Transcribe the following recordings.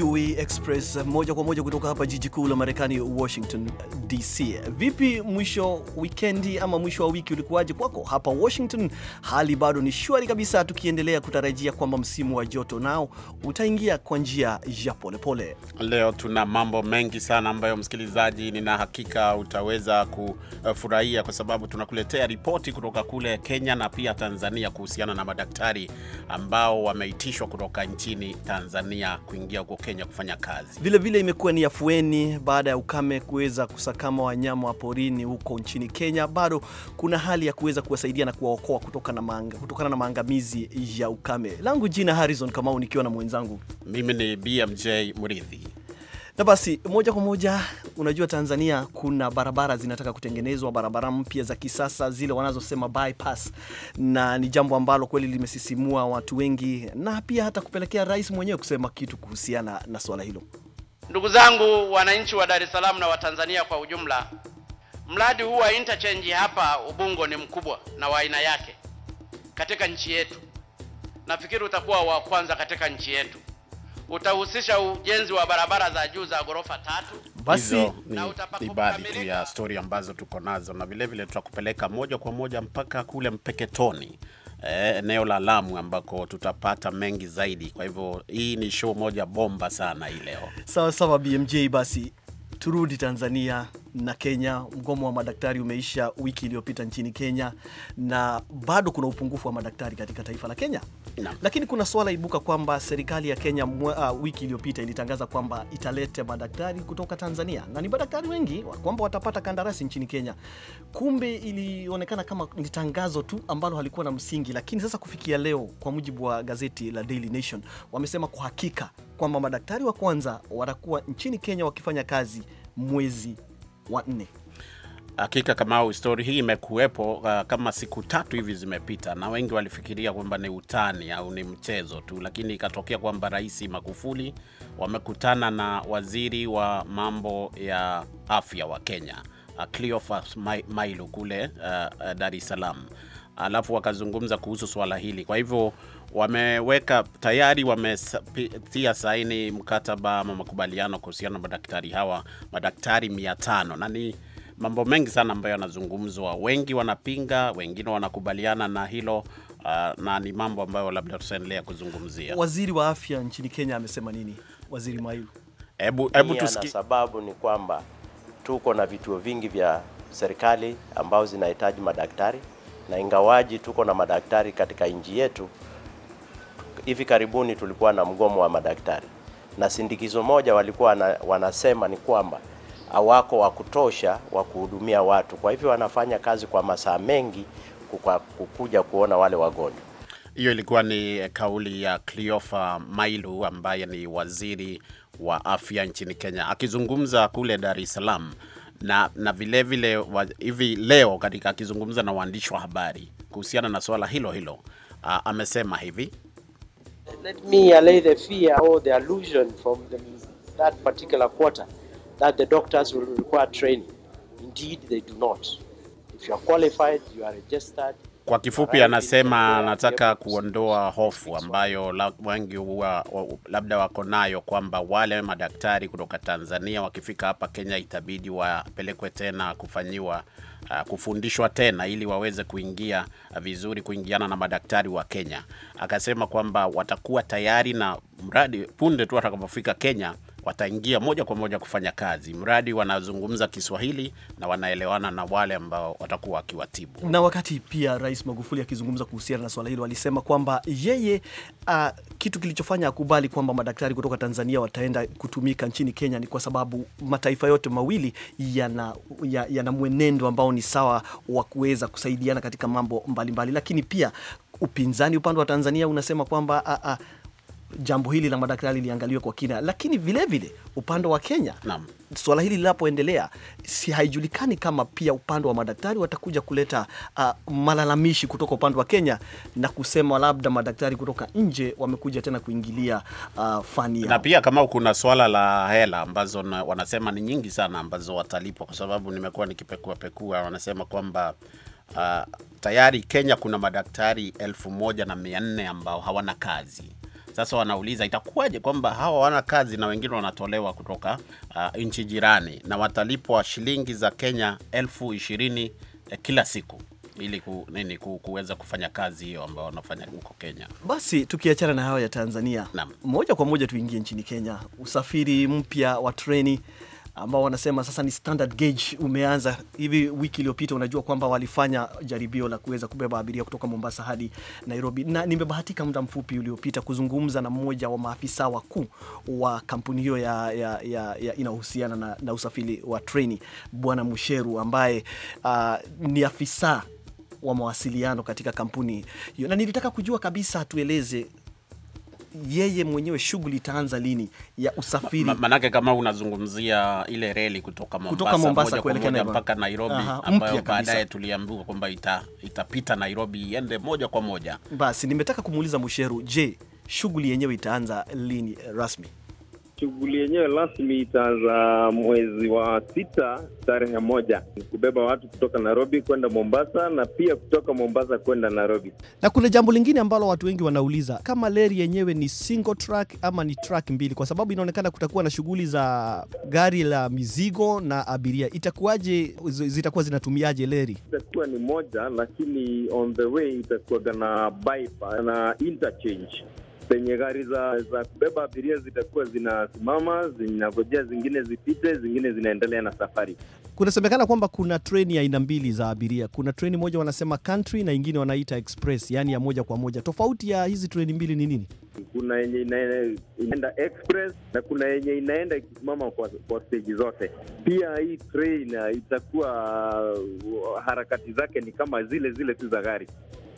VOA Express moja kwa moja kutoka hapa jiji kuu la Marekani, Washington DC. Vipi mwisho wikendi ama mwisho wa wiki ulikuwaje kwako hapa Washington? Hali bado ni shwari kabisa, tukiendelea kutarajia kwamba msimu wa joto nao utaingia kwa njia ya polepole. Leo tuna mambo mengi sana ambayo, msikilizaji, nina hakika utaweza kufurahia kwa sababu tunakuletea ripoti kutoka kule Kenya na pia Tanzania kuhusiana na madaktari ambao wameitishwa kutoka nchini Tanzania kuingia huko Kenya kufanya kazi. Vilevile imekuwa ni afueni baada ya ukame kuweza kusakama wanyama wa porini huko nchini Kenya. Bado kuna hali ya kuweza kuwasaidia na kuwaokoa kutokana kutoka na maangamizi ya ukame. Langu jina Harrison Kamau, nikiwa na mwenzangu mimi ni BMJ Murithi na basi moja kwa moja Unajua Tanzania kuna barabara zinataka kutengenezwa, barabara mpya za kisasa, zile wanazosema bypass, na ni jambo ambalo kweli limesisimua watu wengi na pia hata kupelekea rais mwenyewe kusema kitu kuhusiana na swala hilo. Ndugu zangu wananchi wa Dar es Salaam na Watanzania kwa ujumla, mradi huu wa interchange hapa Ubungo ni mkubwa na wa aina yake katika nchi yetu. Nafikiri utakuwa wa kwanza katika nchi yetu utahusisha ujenzi wa barabara za juu za ghorofa tatu. Basi ni baadhi tu ya stori ambazo tuko nazo, na vilevile tutakupeleka moja kwa moja mpaka kule Mpeketoni eh, eneo la Lamu ambako tutapata mengi zaidi. Kwa hivyo hii ni show moja bomba sana hii leo. Sawa sawa, BMJ. Basi turudi Tanzania na Kenya. Mgomo wa madaktari umeisha wiki iliyopita nchini Kenya, na bado kuna upungufu wa madaktari katika taifa la Kenya na. Lakini kuna swala ibuka kwamba serikali ya Kenya mwa, uh, wiki iliyopita ilitangaza kwamba italete madaktari kutoka Tanzania na ni madaktari wengi kwamba watapata kandarasi nchini Kenya. Kumbe ilionekana kama ni tangazo tu ambalo halikuwa na msingi, lakini sasa kufikia leo, kwa mujibu wa gazeti la Daily Nation, wamesema kwa hakika kwamba madaktari wa kwanza watakuwa nchini Kenya wakifanya kazi mwezi wanne. Hakika Kamau, stori hii imekuwepo uh, kama siku tatu hivi zimepita, na wengi walifikiria kwamba ni utani au ni mchezo tu, lakini ikatokea kwamba Rais Magufuli wamekutana na waziri wa mambo ya afya wa Kenya uh, Cleophas Mailu kule uh, uh, Dar es Salaam alafu wakazungumza kuhusu swala hili. Kwa hivyo wameweka tayari, wametia saini mkataba ama makubaliano kuhusiana na madaktari hawa, madaktari mia tano na ni mambo mengi sana ambayo yanazungumzwa. Wengi wanapinga, wengine wanakubaliana na hilo. Uh, na ni mambo ambayo labda tutaendelea kuzungumzia. Waziri wa afya nchini Kenya amesema nini? Waziri Mailu, ebu hebu na Sababu ni kwamba tuko na vituo vingi vya serikali ambao zinahitaji madaktari na ingawaji tuko na madaktari katika nchi yetu, hivi karibuni tulikuwa na mgomo wa madaktari, na sindikizo moja walikuwa na, wanasema ni kwamba hawako wa kutosha wa kuhudumia watu, kwa hivyo wanafanya kazi kwa masaa mengi kukuja kuona wale wagonjwa. Hiyo ilikuwa ni kauli ya Cleofa Mailu ambaye ni waziri wa afya nchini Kenya akizungumza kule Dar es Salaam na na vile vile wa, hivi leo katika akizungumza na waandishi wa habari kuhusiana na suala hilo hilo a, amesema hivi Let me allay the fear or the illusion from the, that particular quarter that the doctors will require training. Indeed, they do not. If you are qualified, you are registered, kwa kifupi, anasema uh, anataka kuondoa hofu ambayo wengi huwa labda wako nayo kwamba wale madaktari kutoka Tanzania wakifika hapa Kenya itabidi wapelekwe tena kufanyiwa Uh, kufundishwa tena ili waweze kuingia uh, vizuri kuingiana na madaktari wa Kenya. Akasema kwamba watakuwa tayari na mradi punde tu atakapofika Kenya wataingia moja kwa moja kufanya kazi, mradi wanazungumza Kiswahili na wanaelewana na wale ambao watakuwa wakiwatibu. Na wakati pia Rais Magufuli akizungumza kuhusiana na swala hilo alisema kwamba yeye uh, kitu kilichofanya akubali kwamba madaktari kutoka Tanzania wataenda kutumika nchini Kenya ni kwa sababu mataifa yote mawili yana, yana mwenendo ambao ni sawa wa kuweza kusaidiana katika mambo mbalimbali mbali. Lakini pia upinzani upande wa Tanzania unasema kwamba ah, ah, jambo hili la madaktari liangaliwe kwa kina, lakini vilevile upande wa Kenya Naam. Swala hili linapoendelea, si haijulikani kama pia upande wa madaktari watakuja kuleta uh, malalamishi kutoka upande wa Kenya na kusema labda madaktari kutoka nje wamekuja tena kuingilia uh, fani Na pia kama kuna swala la hela ambazo na, wanasema ni nyingi sana ambazo watalipwa, kwa sababu nimekuwa nikipekua pekua, wanasema kwamba uh, tayari Kenya kuna madaktari elfu moja na mia nne ambao hawana kazi sasa wanauliza itakuwaje kwamba hawa wana kazi na wengine wanatolewa kutoka uh, nchi jirani na watalipwa shilingi za Kenya elfu ishirini eh, kila siku ili ku, nini kuweza kufanya kazi hiyo ambayo wanafanya huko Kenya. Basi tukiachana na hawa ya Tanzania na moja kwa moja tuingie nchini Kenya. Usafiri mpya wa treni ambao wanasema sasa ni standard gauge umeanza hivi. Wiki iliyopita, unajua kwamba walifanya jaribio la kuweza kubeba abiria kutoka Mombasa hadi Nairobi, na nimebahatika muda mfupi uliopita kuzungumza na mmoja wa maafisa wakuu wa kampuni hiyo ya, ya, ya, ya inayohusiana na, na usafiri wa treni Bwana Musheru ambaye uh, ni afisa wa mawasiliano katika kampuni hiyo, na nilitaka kujua kabisa, tueleze yeye mwenyewe shughuli itaanza lini ya usafiri. Ma, manake kama unazungumzia ile reli kutoka Mombasa, kutoka Mombasa kuelekea Nairobi mpaka Nairobi Aha, ambayo baadaye tuliambiwa kwamba ita, itapita Nairobi iende moja kwa moja. Basi nimetaka kumuuliza Musheru, je, shughuli yenyewe itaanza lini eh, rasmi? Shughuli yenyewe rasmi itaanza mwezi wa sita tarehe moja, kubeba watu kutoka Nairobi kwenda Mombasa na pia kutoka Mombasa kwenda Nairobi. Na kuna jambo lingine ambalo watu wengi wanauliza, kama leri yenyewe ni single track ama ni track mbili? Kwa sababu inaonekana kutakuwa na shughuli za gari la mizigo na abiria, itakuwaje? Zitakuwa zinatumiaje leri? Itakuwa ni moja, lakini on the way itakuwa na bypass na interchange penye gari za za kubeba abiria zitakuwa zinasimama, zinangojea zingine zipite, zingine zinaendelea na safari. Kunasemekana kwamba kuna treni aina mbili za abiria. Kuna treni moja wanasema country na ingine wanaita express, yaani ya moja kwa moja. Tofauti ya hizi treni mbili ni nini? Kuna yenye inaenda express na kuna yenye inaenda ikisimama kwa, kwa steji zote. Pia hii train uh, itakuwa uh, harakati zake ni kama zile zile tu za gari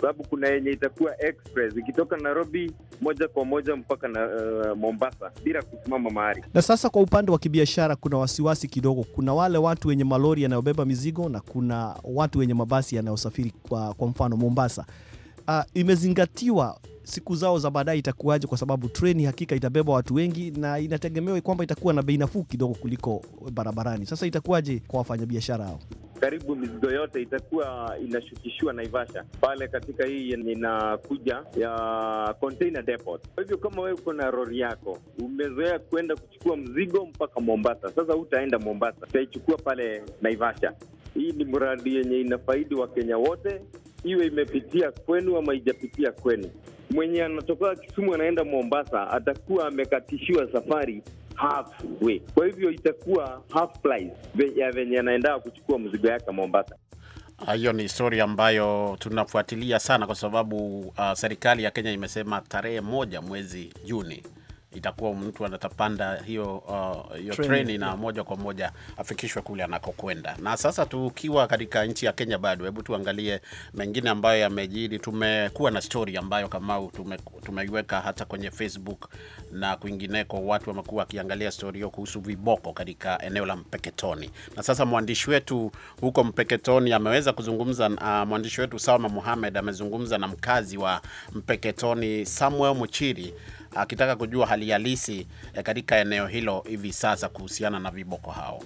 sababu kuna yenye itakuwa express ikitoka Nairobi moja kwa moja mpaka na, uh, Mombasa bila kusimama mahali. Na sasa kwa upande wa kibiashara kuna wasiwasi kidogo, kuna wale watu wenye malori yanayobeba mizigo na kuna watu wenye mabasi yanayosafiri kwa, kwa mfano Mombasa. Uh, imezingatiwa siku zao za baadaye itakuwaje? Kwa sababu treni hakika itabeba watu wengi na inategemewa kwamba itakuwa na bei nafuu kidogo kuliko barabarani. Sasa itakuwaje kwa wafanyabiashara hao? karibu mizigo yote itakuwa inashukishiwa Naivasha pale katika hii ninakuja ya container depot. Kwa hivyo kama wewe uko na rori yako, umezoea kuenda kuchukua mzigo mpaka Mombasa, sasa utaenda Mombasa, utaichukua pale Naivasha. Hii ni mradi yenye inafaidi Wakenya wote, iwe imepitia kwenu ama ijapitia kwenu. Mwenye anatoka Kisumu anaenda Mombasa atakuwa amekatishiwa safari halfway. Kwa hivyo itakuwa half price venye anaendaa kuchukua mzigo yake Mombasa. Ah, hiyo ni historia ambayo tunafuatilia sana, kwa sababu uh, serikali ya Kenya imesema tarehe moja mwezi Juni itakuwa mtu anatapanda hiyo, uh, hiyo treni, treni na moja kwa moja afikishwe kule anakokwenda. Na sasa tukiwa katika nchi ya Kenya bado, hebu tuangalie mengine ambayo yamejiri. Tumekuwa na story ambayo Kamau tumeiweka hata kwenye Facebook na kwingineko, watu wamekuwa wakiangalia story hiyo kuhusu viboko katika eneo la Mpeketoni. Na sasa mwandishi wetu huko Mpeketoni ameweza kuzungumza uh, mwandishi wetu Salma Muhamed amezungumza na mkazi wa Mpeketoni Samuel Muchiri akitaka kujua hali halisi eh, katika eneo hilo hivi sasa kuhusiana na viboko hao.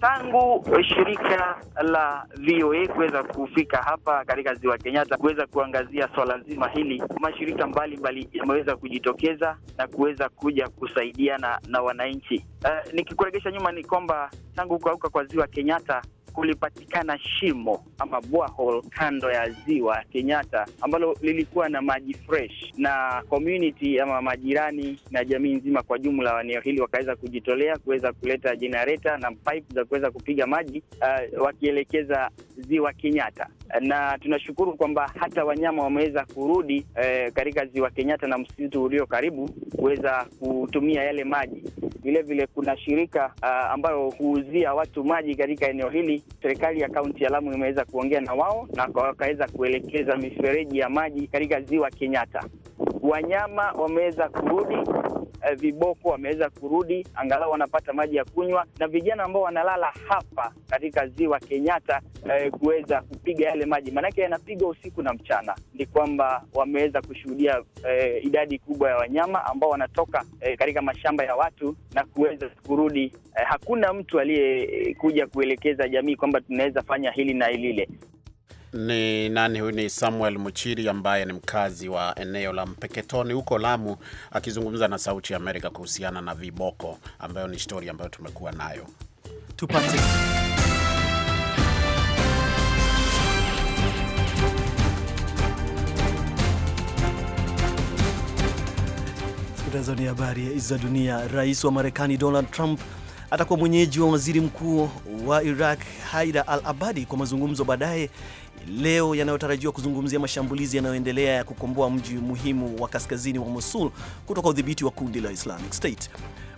Tangu shirika la VOA kuweza kufika hapa katika ziwa Kenyatta kuweza kuangazia swala zima hili, mashirika mbalimbali yameweza kujitokeza na kuweza kuja kusaidiana na wananchi. Uh, nikikuregesha nyuma ni kwamba tangu kukauka kwa ziwa Kenyatta kulipatikana shimo ama borehole kando ya ziwa Kenyatta ambalo lilikuwa na maji fresh, na community ama majirani na jamii nzima kwa jumla wa eneo hili wakaweza kujitolea kuweza kuleta jenereta na pipe za kuweza kupiga maji uh, wakielekeza ziwa Kenyatta na tunashukuru kwamba hata wanyama wameweza kurudi eh, katika ziwa Kenyatta na msitu ulio karibu kuweza kutumia yale maji. Vilevile kuna shirika uh, ambayo huuzia watu maji katika eneo hili. Serikali ya kaunti ya Lamu imeweza kuongea na wao na wakaweza kuelekeza mifereji ya maji katika ziwa Kenyatta. Wanyama wameweza kurudi eh, viboko wameweza kurudi, angalau wanapata maji ya kunywa, na vijana ambao wanalala hapa katika ziwa Kenyatta eh, kuweza kupiga yale maji, maanake yanapiga usiku na mchana. Ni kwamba wameweza kushuhudia eh, idadi kubwa ya wanyama ambao wanatoka eh, katika mashamba ya watu na kuweza kurudi. Eh, hakuna mtu aliyekuja kuelekeza jamii kwamba tunaweza fanya hili na lile ni nani huyu? Ni Samuel Muchiri ambaye ni mkazi wa eneo la Mpeketoni huko Lamu, akizungumza na Sauti ya Amerika kuhusiana na viboko, ambayo ni stori ambayo tumekuwa nayo. Tupate mtazoni habari za dunia. Rais wa Marekani Donald Trump atakuwa mwenyeji wa waziri mkuu wa Iraq haida al-Abadi kwa mazungumzo baadaye leo yanayotarajiwa kuzungumzia mashambulizi yanayoendelea ya kukomboa mji muhimu wa kaskazini wa Mosul kutoka udhibiti wa kundi la Islamic State.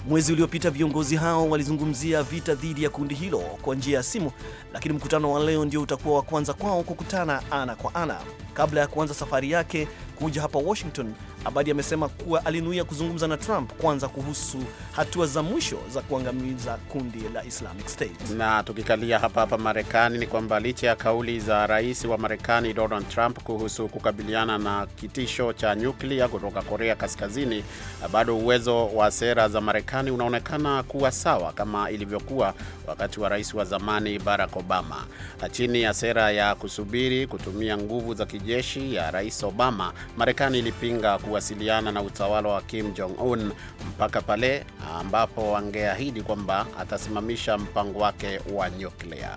Mwezi uliopita viongozi hao walizungumzia vita dhidi ya kundi hilo kwa njia ya simu, lakini mkutano wa leo ndio utakuwa wa kwanza kwao kukutana ana kwa ana kabla ya kuanza safari yake kuja hapa Washington Abadi amesema kuwa alinuia kuzungumza na Trump kwanza kuhusu hatua za mwisho za kuangamiza kundi la Islamic State. Na tukikalia hapa hapa Marekani ni kwamba licha ya kauli za rais wa Marekani Donald Trump kuhusu kukabiliana na kitisho cha nyuklia kutoka Korea Kaskazini, bado uwezo wa sera za Marekani unaonekana kuwa sawa kama ilivyokuwa wakati wa rais wa zamani Barack Obama. Chini ya sera ya kusubiri kutumia nguvu za kijeshi ya rais Obama, Marekani ilipinga kuwasiliana na utawala wa Kim Jong Un mpaka pale ambapo angeahidi kwamba atasimamisha mpango wake wa nyuklia.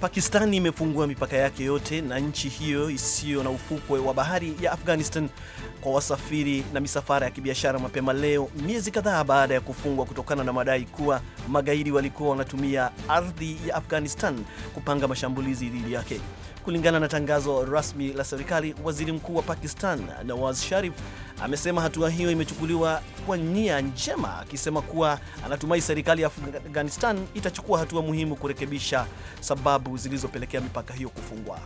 Pakistani imefungua mipaka yake yote na nchi hiyo isiyo na ufukwe wa bahari ya Afghanistan kwa wasafiri na misafara ya kibiashara mapema leo, miezi kadhaa baada ya kufungwa kutokana na madai kuwa magaidi walikuwa wanatumia ardhi ya Afghanistan kupanga mashambulizi dhidi yake. Kulingana na tangazo rasmi la serikali, waziri mkuu wa Pakistan Nawaz Sharif amesema hatua hiyo imechukuliwa kwa nia njema, akisema kuwa anatumai serikali ya Afghanistan itachukua hatua muhimu kurekebisha sababu zilizopelekea mipaka hiyo kufungwa.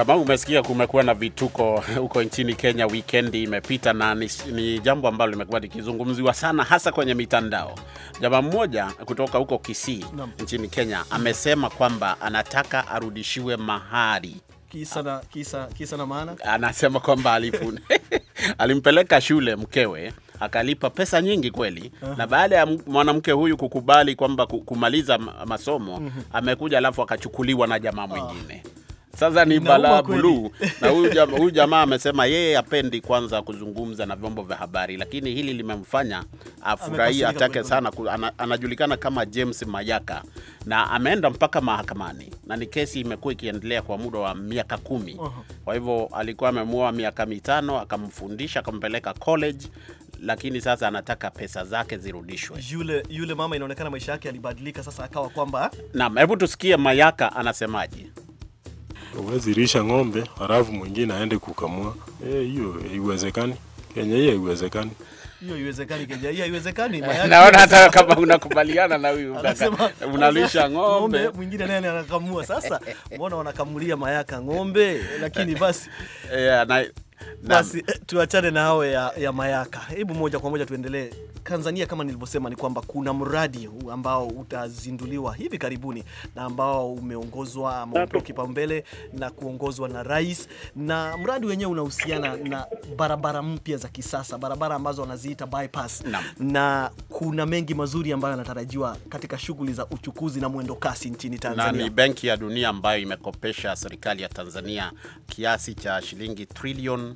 Kama umesikia kumekuwa na vituko huko nchini Kenya, wikendi imepita na ni, ni jambo ambalo limekuwa likizungumziwa sana hasa kwenye mitandao. Jamaa mmoja kutoka huko Kisii nchini Kenya amesema kwamba anataka arudishiwe mahari. Kisa na, kisa, kisa na maana, anasema kwamba alimpeleka shule mkewe akalipa pesa nyingi kweli. uh -huh. Na baada ya mwanamke huyu kukubali kwamba kumaliza masomo uh mhm. -huh. amekuja alafu akachukuliwa na jamaa ah. mwingine uh -huh. Sasa ni balaa buluu, na huyu jamaa amesema yeye apendi kwanza kuzungumza na vyombo vya habari, lakini hili limemfanya afurahia atake sana ku, ana, anajulikana kama James Mayaka na ameenda mpaka mahakamani, na ni kesi imekuwa ikiendelea kwa muda wa miaka kumi. Kwa hivyo alikuwa amemuoa miaka mitano, akamfundisha, akampeleka college lakini sasa anataka pesa zake zirudishwe. Yule yule mama inaonekana maisha yake yalibadilika, sasa akawa kwamba. Naam, hebu tusikie Mayaka anasemaje. Uwezi lisha ng'ombe halafu mwingine aende kukamua. Eh, hiyo haiwezekani. Kenya hii haiwezekani. Hiyo haiwezekani Kenya hii haiwezekani. Eh, naona hata kama unakubaliana na huyu unalisha Ng'ombe mwingine naye anakamua. Sasa mbona wanakamulia mayaka ng'ombe? Lakini basi yeah, na basi eh, tuachane na hao ya, ya mayaka. Hebu moja kwa moja tuendelee. Tanzania kama nilivyosema, ni kwamba kuna mradi ambao utazinduliwa hivi karibuni na ambao umeongozwa ama upo kipaumbele na kuongozwa na rais, na mradi wenyewe unahusiana na barabara mpya za kisasa, barabara ambazo wanaziita bypass na, na kuna mengi mazuri ambayo yanatarajiwa katika shughuli za uchukuzi na mwendo kasi nchini Tanzania. Na ni Benki ya Dunia ambayo imekopesha serikali ya Tanzania kiasi cha shilingi trilioni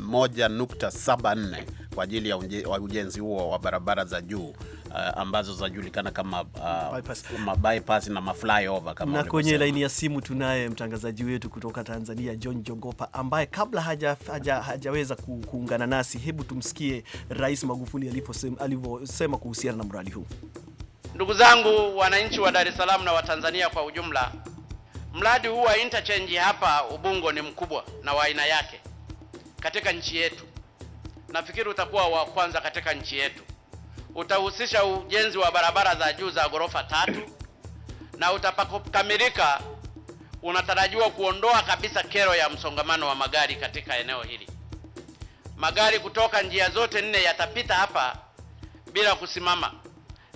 1.74 kwa ajili ya ujenzi huo wa barabara za juu Uh, ambazo zinajulikana kama uh, bypass. bypass na maflyover kama na kwenye laini ya simu tunaye mtangazaji wetu kutoka Tanzania John Jogopa ambaye kabla haja, haja, hajaweza kuungana nasi. Hebu tumsikie Rais Magufuli alivyosema kuhusiana na mradi huu. Ndugu zangu wananchi wa Dar es Salaam na Watanzania kwa ujumla, mradi huu wa interchange hapa Ubungo ni mkubwa na wa aina yake katika nchi yetu. Nafikiri utakuwa wa kwanza katika nchi yetu. Utahusisha ujenzi wa barabara za juu za ghorofa tatu na utakapokamilika unatarajiwa kuondoa kabisa kero ya msongamano wa magari katika eneo hili. Magari kutoka njia zote nne yatapita hapa bila kusimama,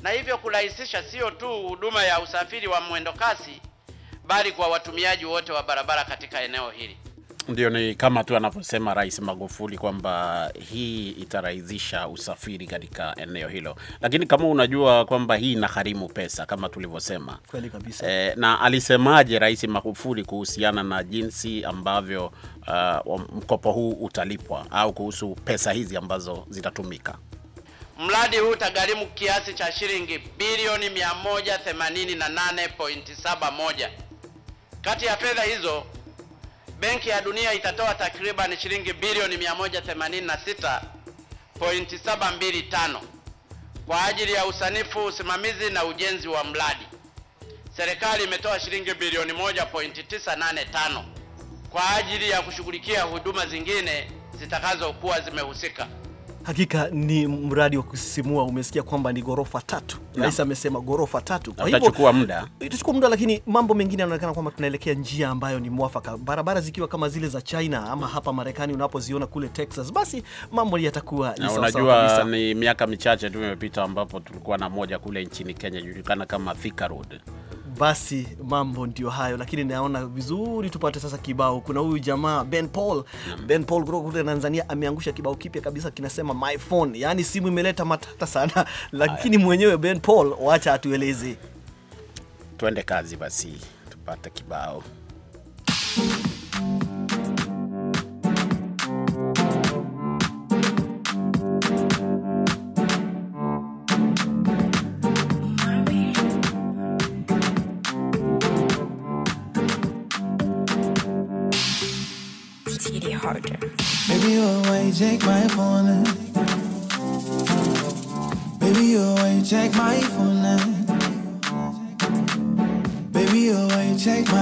na hivyo kurahisisha sio tu huduma ya usafiri wa mwendokasi bali kwa watumiaji wote wa barabara katika eneo hili. Ndio, ni kama tu anavyosema Rais Magufuli kwamba hii itarahisisha usafiri katika eneo hilo, lakini kama unajua kwamba hii inagharimu pesa kama tulivyosema. Kweli kabisa. E, na alisemaje Rais Magufuli kuhusiana na jinsi ambavyo uh, mkopo huu utalipwa au kuhusu pesa hizi ambazo zitatumika? Mradi huu utagharimu kiasi cha shilingi bilioni 188.71. Kati ya fedha hizo Benki ya Dunia itatoa takriban shilingi bilioni 186.725 kwa ajili ya usanifu, usimamizi na ujenzi wa mradi. Serikali imetoa shilingi bilioni 1.985 kwa ajili ya kushughulikia huduma zingine zitakazokuwa zimehusika. Hakika ni mradi wa kusisimua. Umesikia kwamba ni ghorofa tatu, rais amesema ghorofa tatu, kwa hivyo itachukua muda, itachukua muda, lakini mambo mengine yanaonekana kwamba tunaelekea njia ambayo ni mwafaka, barabara zikiwa kama zile za China ama hapa Marekani unapoziona kule Texas, basi mambo yatakuwa ni sawa Unajua, Ni miaka michache tu imepita ambapo tulikuwa na moja kule nchini Kenya, julikana kama Thika Road basi mambo ndio hayo, lakini naona vizuri tupate sasa kibao. Kuna huyu jamaa Ben Paul, Ben Paul kutoka kule Tanzania ameangusha kibao kipya kabisa kinasema my phone, yaani simu imeleta matata sana, lakini mwenyewe Ben Paul, wacha atueleze. Tuende kazi basi, tupate kibao really harder. Baby, you always take my phone. Baby, you always take my phone. Baby, you always take my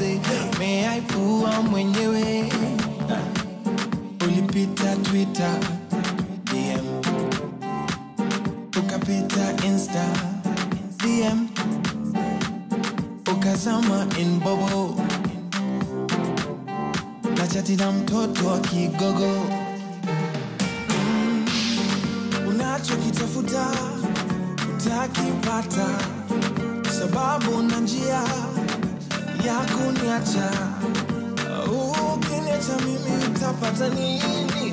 mzee meaipua mwenyewe ulipita twitter dm ukapita insta dm ukazama inbobo na chati na mtoto wa kigogo mm, unachokitafuta utakipata sababu na njia ya kuniacha ukiniacha mimi utapata nini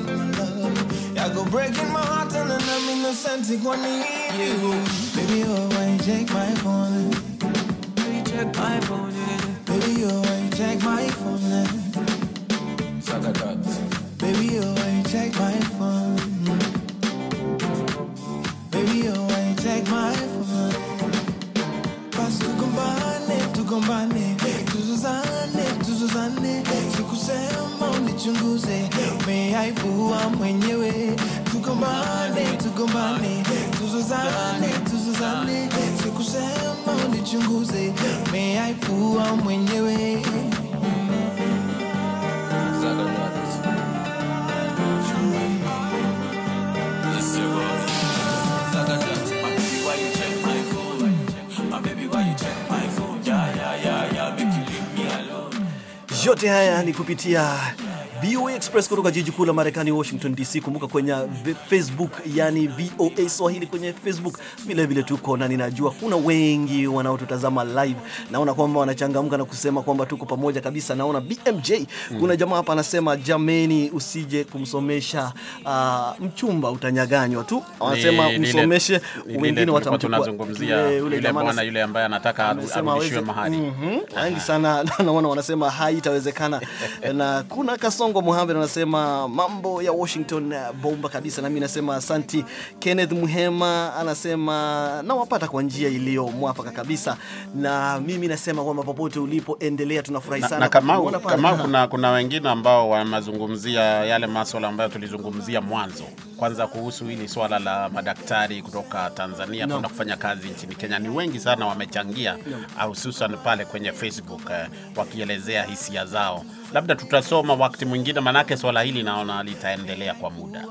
ya breaking my heart and I'm innocent kwa nini baby oh why you take my phone baby check my phone baby oh why you take my phone baby oh why you take my phone baby oh why you take my phone tugombane tugombane nichunguze, umeaibua mwenyewe, tugombane, tugombane, tuzozane, tuzozane, sikusema unichunguze, umeaibua mwenyewe. Yote haya ni kupitia VOA Express kutoka jiji kuu la Marekani, Washington DC. Kumbuka kwenye Facebook, yani VOA Swahili kwenye Facebook vilevile tuko na, ninajua kuna wengi wanaotutazama live, naona kwamba wanachangamka na kusema kwamba tuko pamoja kabisa. Naona BMJ mm. kuna jamaa hapa anasema, jameni, usije kumsomesha uh, mchumba utanyaganywa tu. Anasema msomeshe, wengine watamchukua. Eh, yule bwana yule ambaye anataka arudishiwe mahali. Mm Wengi sana naona wanasema haitawezekana na kuna kaso Msongo Muhamed anasema mambo ya Washington eh, bomba kabisa, nami nasema asanti. Kenneth Muhema anasema nawapata kwa njia iliyo mwafaka kabisa, na mimi nasema kwamba popote endelea, tunafurahi sana na kama, kama kuna, kuna wengine ambao wamezungumzia yale maswala ambayo tulizungumzia mwanzo, kwanza kuhusu hili swala la madaktari kutoka Tanzania no. kwenda kufanya kazi nchini Kenya. Ni wengi sana wamechangia, hususan no. pale kwenye Facebook eh, wakielezea hisia zao labda tutasoma wakati mwingine, manake swala hili naona litaendelea kwa muda.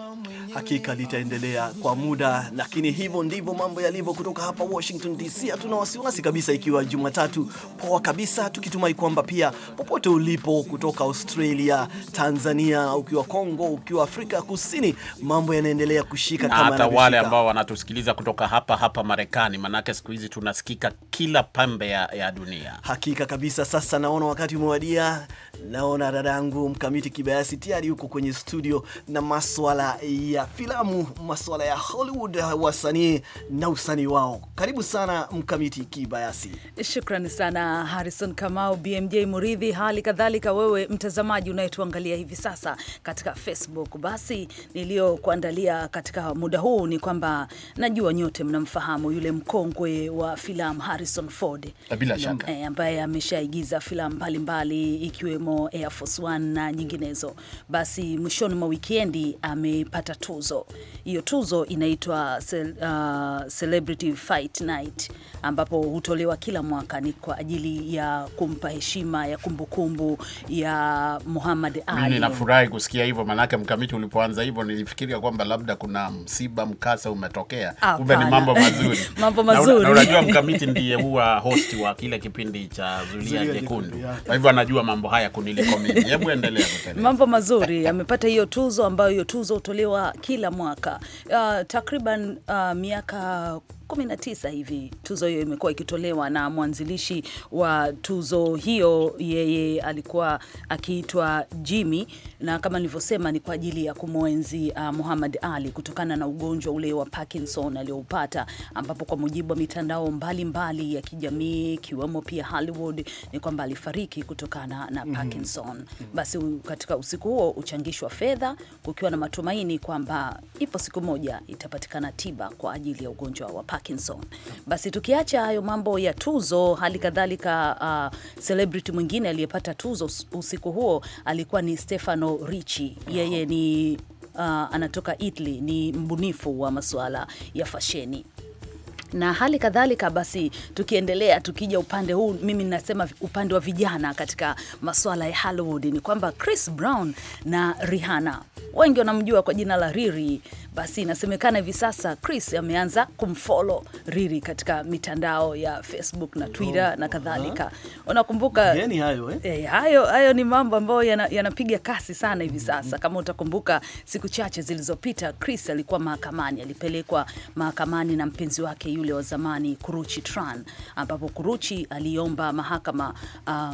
Hakika litaendelea kwa muda, lakini hivyo ndivyo mambo yalivyo kutoka hapa Washington DC. Hatuna wasiwasi kabisa, ikiwa Jumatatu poa kabisa, tukitumai kwamba pia popote ulipo kutoka Australia, Tanzania, ukiwa Kongo, ukiwa Afrika Kusini, mambo yanaendelea kushika kama hata wale ambao wanatusikiliza kutoka hapa hapa Marekani, manake siku hizi tunasikika kila pembe ya, ya dunia. Hakika kabisa. Sasa naona wakati umewadia Naona dadangu Mkamiti Kibayasi tayari huko kwenye studio na maswala ya filamu, maswala ya Hollywood, wasanii na usanii wao. Karibu sana Mkamiti Kibayasi. Shukrani sana Harrison Kamau, BMJ Muridhi, hali kadhalika wewe mtazamaji unayetuangalia hivi sasa katika Facebook. Basi niliyokuandalia katika muda huu ni kwamba najua nyote mnamfahamu yule mkongwe wa filamu Harrison Ford, bila shaka, eh, ambaye ameshaigiza filamu mbalimbali ikiwemo ikiwemo Air Force One na nyinginezo. Basi mwishoni mwa wikendi amepata tuzo. Hiyo tuzo inaitwa uh, Celebrity Fight Night, ambapo hutolewa kila mwaka, ni kwa ajili ya kumpa heshima ya kumbukumbu kumbu ya Muhammad Ali. Mimi nafurahi kusikia hivyo, maanake mkamiti, ulipoanza hivyo nilifikiria kwamba labda kuna msiba mkasa umetokea, kumbe ni mambo mazuri mambo mazuri. Na unajua mkamiti ndiye huwa host wa kile kipindi cha Zulia Jekundu, kwa hivyo anajua mambo haya huku mimi. Hebu endelea Mambo mazuri amepata hiyo tuzo ambayo hiyo tuzo hutolewa kila mwaka uh, takriban uh, miaka 19 hivi. Tuzo hiyo imekuwa ikitolewa na mwanzilishi wa tuzo hiyo, yeye alikuwa akiitwa Jimmy, na kama nilivyosema ni kwa ajili ya kumwenzi uh, Muhammad Ali kutokana na ugonjwa ule wa Parkinson alioupata, ambapo kwa mujibu wa mitandao mbalimbali mbali ya kijamii ikiwemo pia Hollywood ni kwamba alifariki kutokana na mhm. Parkinson. Mm -hmm. Basi katika usiku huo uchangishwa fedha kukiwa na matumaini kwamba ipo siku moja itapatikana tiba kwa ajili ya ugonjwa wa Parkinson. Parkinson. Basi tukiacha hayo mambo ya tuzo, hali kadhalika uh, celebrity mwingine aliyepata tuzo usiku huo alikuwa ni Stefano Ricci. Yeye ni uh, anatoka Italy, ni mbunifu wa masuala ya fasheni na hali kadhalika. Basi tukiendelea tukija upande huu, mimi ninasema upande wa vijana katika masuala ya Hollywood ni kwamba Chris Brown na Rihanna wengi wanamjua kwa jina la Riri. Basi inasemekana hivi sasa Chris ameanza kumfollow Riri katika mitandao ya Facebook na Twitter oh, na kadhalika uh Unakumbuka hayo, eh? Eh, hayo hayo ni mambo ambayo yanapiga yana kasi sana hivi sasa. Mm-hmm. Kama utakumbuka siku chache zilizopita, Chris alikuwa mahakamani, alipelekwa mahakamani na mpenzi wake yule wa zamani Kuruchi Tran, ambapo Kuruchi aliomba mahakama uh,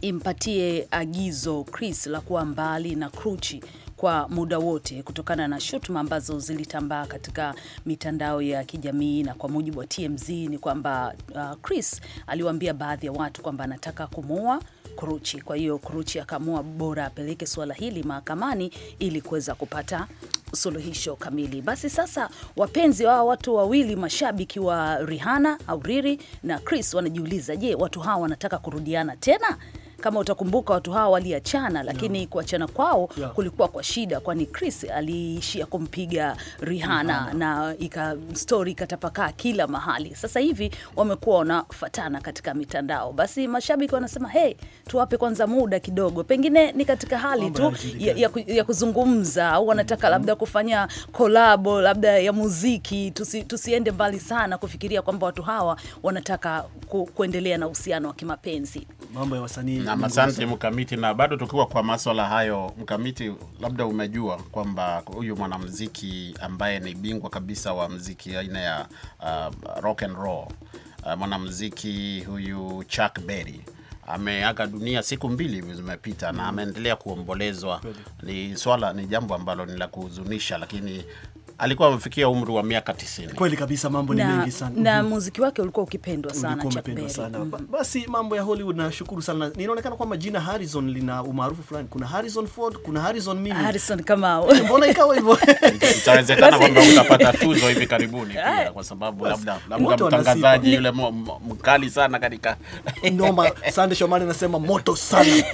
impatie agizo Chris la kuwa mbali na Kuruchi kwa muda wote kutokana na shutuma ambazo zilitambaa katika mitandao ya kijamii. Na kwa mujibu wa TMZ ni kwamba uh, Chris aliwaambia baadhi ya watu kwamba anataka kumuua Kuruchi. Kwa hiyo Kuruchi akaamua bora apeleke suala hili mahakamani ili kuweza kupata suluhisho kamili. Basi sasa, wapenzi wa watu wawili mashabiki wa Rihanna Auriri na Chris wanajiuliza, je, watu hawa wanataka kurudiana tena? Kama utakumbuka watu hawa waliachana, lakini yeah. kuachana kwao yeah. kulikuwa kwa shida, kwani Chris aliishia kumpiga Rihanna mm na ika, stori ikatapakaa kila mahali. Sasa hivi wamekuwa wanafatana katika mitandao, basi mashabiki wanasema hey, tuwape kwanza muda kidogo, pengine ni katika hali tu ya, ya, ya kuzungumza au wanataka mm-hmm. labda kufanya kolabo labda ya muziki. Tusi, tusiende mbali sana kufikiria kwamba watu hawa wanataka ku, kuendelea na uhusiano wa kimapenzi mambo ya wasanii na asante Mkamiti. Na bado tukiwa kwa maswala hayo, Mkamiti, labda umejua kwamba huyu mwanamuziki ambaye ni bingwa kabisa wa muziki aina ya uh, rock and roll uh, mwanamuziki huyu Chuck Berry ameaga dunia siku mbili zimepita, na mm. ameendelea kuombolezwa. Ni swala, ni jambo ambalo ni la kuhuzunisha, lakini alikuwa amefikia umri wa miaka 90. Kweli kabisa, mambo ni mengi sana na mm-hmm. muziki wake ulikuwa ukipendwa sana, ulikuwa sana. Mm. Basi mambo ya Hollywood, nashukuru sana. Inaonekana kwamba jina Harrison lina umaarufu fulani, kuna Harrison Ford, kuna Harrison mimi, Harrison Kamau, mbona ikawa hivyo? Itawezekana kwamba utapata tuzo hivi karibuni pia, kwa sababu labda labda mtangazaji yule mkali sana katika noma. Sande Shomari anasema moto sana.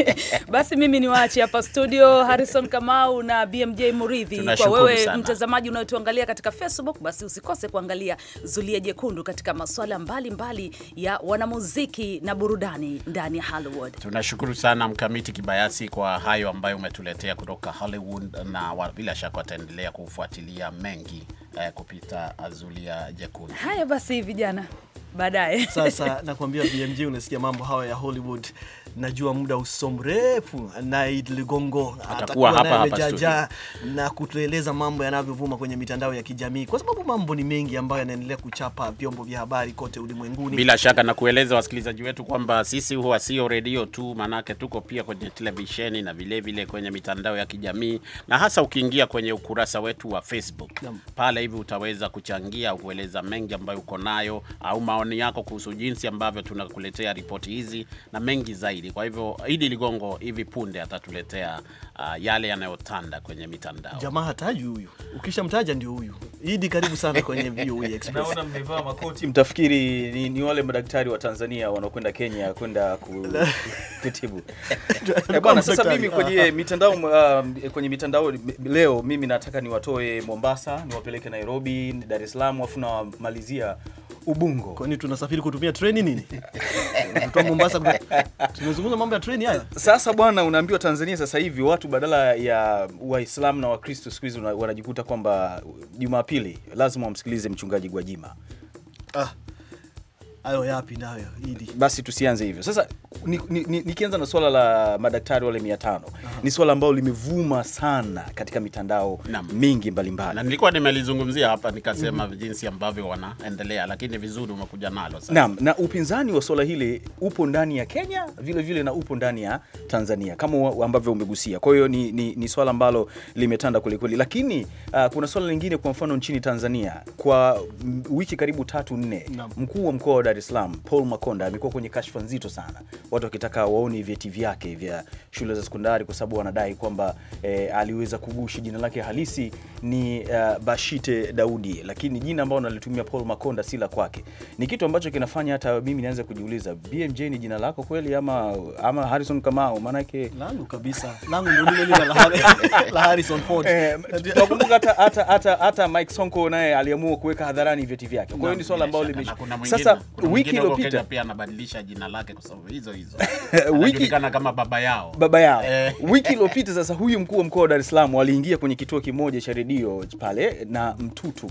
Basi mimi niwaache hapa studio, Harrison Kamau na BMJ Muridhi, kwa wewe mtazamaji unayotoa kutuangalia katika Facebook, basi usikose kuangalia Zulia Jekundu katika masuala mbalimbali ya wanamuziki na burudani ndani ya Hollywood. Tunashukuru sana Mkamiti Kibayasi kwa hayo ambayo umetuletea kutoka Hollywood, na bila shaka wataendelea kufuatilia mengi eh, kupita Zulia Jekundu. Haya basi, vijana baadaye. Sasa nakwambia BMG, unasikia mambo hayo ya Hollywood, najua muda uso mrefu na Ligongo atakuwa hapa hapa na kutueleza mambo yanavyovuma kwenye mitandao ya kijamii, kwa sababu mambo ni mengi ambayo yanaendelea kuchapa vyombo vya habari kote ulimwenguni. Bila shaka na kueleza wasikilizaji wetu kwamba sisi huwa sio redio tu, maanake tuko pia kwenye televisheni na vilevile vile kwenye mitandao ya kijamii, na hasa ukiingia kwenye ukurasa wetu wa Facebook pale hivi utaweza kuchangia au kueleza mengi ambayo uko nayo au maoni yako kuhusu jinsi ambavyo tunakuletea ripoti hizi na mengi zaidi. Kwa hivyo Idi Ligongo hivi punde atatuletea uh, yale yanayotanda kwenye mitandao. Jamaa hataji huyu, ukishamtaja ndio huyu. Idi, karibu sana kwenye VOA Express. Naona mmevaa makoti, mtafikiri ni, ni wale madaktari wa Tanzania wanaokwenda Kenya kwenda kutibu. Eh, bwana, sasa mimi kwenye ah, ah. mitandao uh, kwenye mitandao leo mimi nataka niwatoe Mombasa, niwapeleke Nairobi, Dar es Salaam afu nawamalizia Ubungo. Kwani tunasafiri kutumia treni nini? Kutoka Mombasa tunazungumza mambo ya treni haya. Sasa bwana, unaambiwa Tanzania sasa hivi watu badala ya Waislamu na Wakristo siku hizi wanajikuta kwamba Jumapili lazima wamsikilize mchungaji Gwajima. Ah. Ayo yapi nayo Idi. Basi tusianze hivyo. Sasa nikianza ni, ni na swala la madaktari wale mia tano ni swala ambalo limevuma sana katika mitandao na mingi mbalimbali, na nilikuwa nimelizungumzia hapa nikasema mm -hmm. jinsi ambavyo wanaendelea, lakini vizuri umekuja nalo sasa. Naam, na upinzani wa swala hili upo ndani ya Kenya vilevile vile na upo ndani ya Tanzania kama ambavyo umegusia. Kwa hiyo ni, ni, ni swala ambalo limetanda kwelikweli, lakini uh, kuna swala lingine, kwa mfano nchini Tanzania kwa wiki karibu tatu nne, mkuu wa mkoa wa Dar es Salaam Paul Makonda amekuwa kwenye kashfa nzito sana watu wakitaka waone vyeti vyake vya shule za sekondari, kwa sababu wanadai kwamba e, aliweza kugushi. Jina lake halisi ni uh, Bashite Daudi, lakini jina ambalo nalitumia Paul Makonda si la kwake. Ni kitu ambacho kinafanya hata mimi nianze kujiuliza, BMJ ni jina lako kweli ama, ama Harrison Kamau? Maanake langu kabisa, langu ndio lile la la Harrison Ford. Tunakumbuka eh, hata hata hata Mike Sonko naye aliamua kuweka hadharani vyeti vyake. Kwa hiyo ni swala ambalo limesha sasa, wiki iliyopita pia anabadilisha jina lake kwa sababu hizo hizo hizo wiki kama baba yao, baba yao. Eh. wiki iliyopita sasa, huyu mkuu wa mkoa wa Dar es Salaam aliingia kwenye kituo kimoja cha redio pale na mtutu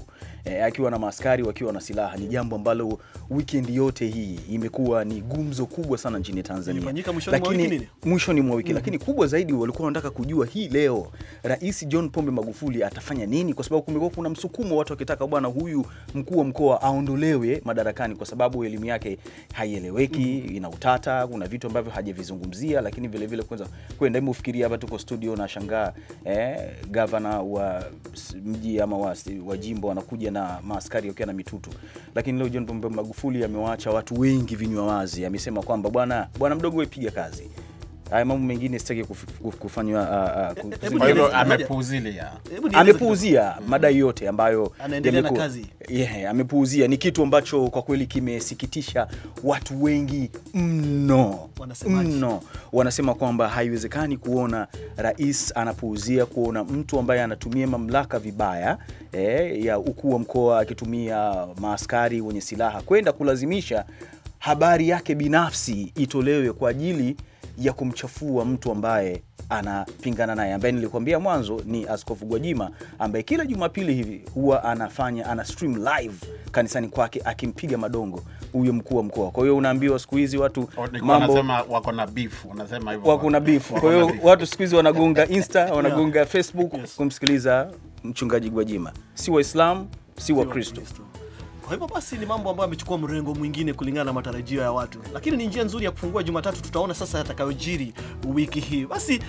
eh, akiwa na maaskari wakiwa na silaha. Ni jambo ambalo weekend yote hii imekuwa ni gumzo kubwa sana nchini Tanzania, lakini mwishoni mwa wiki mm -hmm. Lakini kubwa zaidi walikuwa wanataka kujua hii leo Rais John Pombe Magufuli atafanya nini, kwa sababu kumekuwa kuna msukumo, watu wakitaka bwana huyu mkuu wa mkoa aondolewe madarakani kwa sababu elimu yake haieleweki mm -hmm. Ina utata, kuna vitu ambavyo hajavizungumzia, lakini vilevile kwanza kwenda, hebu fikiria hapa tuko studio na shangaa eh, gavana wa mji ama wa jimbo wanakuja na maaskari wakiwa na mitutu. Lakini leo John Pombe Magufuli amewaacha watu wengi vinywa wazi, amesema kwamba bwana bwana mdogo, wepiga kazi haya mambo mengine sitaki kufanywa. Ah, ah, kwa hivyo amepuuzia mm-hmm. madai yote ambayo anaendelea na kazi yeah, amepuuzia. Ni kitu ambacho kwa kweli kimesikitisha watu wengi mno mno. Wanasema kwamba haiwezekani kuona rais anapuuzia, kuona mtu ambaye anatumia mamlaka vibaya eh, ya ukuu wa mkoa akitumia maaskari wenye silaha kwenda kulazimisha habari yake binafsi itolewe kwa ajili ya kumchafua mtu ambaye anapingana naye, ambaye nilikuambia mwanzo ni Askofu Gwajima, ambaye kila Jumapili hivi huwa anafanya ana stream live kanisani kwake akimpiga madongo huyo mkuu wa mkoa. Kwa hiyo unaambiwa siku hizi watu mambo wako na beef, unasema hivyo wako na beef. Kwa hiyo watu siku hizi wanagonga Insta, wanagonga Facebook yes, kumsikiliza mchungaji Gwajima. Si Waislamu si Wakristo. Kwa hivyo basi ni mambo ambayo yamechukua mrengo mwingine kulingana na matarajio ya watu, lakini ni njia nzuri ya kufungua Jumatatu. Tutaona sasa yatakayojiri wiki hii. Basi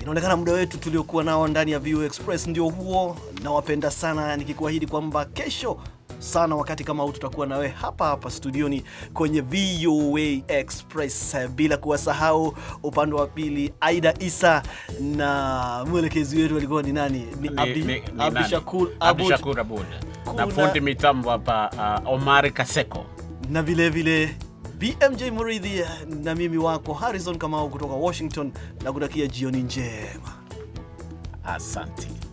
inaonekana muda wetu tuliokuwa nao ndani ya VOA Express ndio huo. Nawapenda sana, nikikuahidi kwamba kesho sana. Wakati kama huu tutakuwa nawe hapa hapa studioni kwenye VOA Express, bila kuwasahau upande wa pili Aida Isa na mwelekezi wetu alikuwa ni nani? Ni Abdi Shakur Abud na fundi mitambo hapa uh, Omar Kaseko na vilevile BMJ Muridhi na mimi wako Harrison Kamau kutoka Washington na kutakia jioni njema, asante.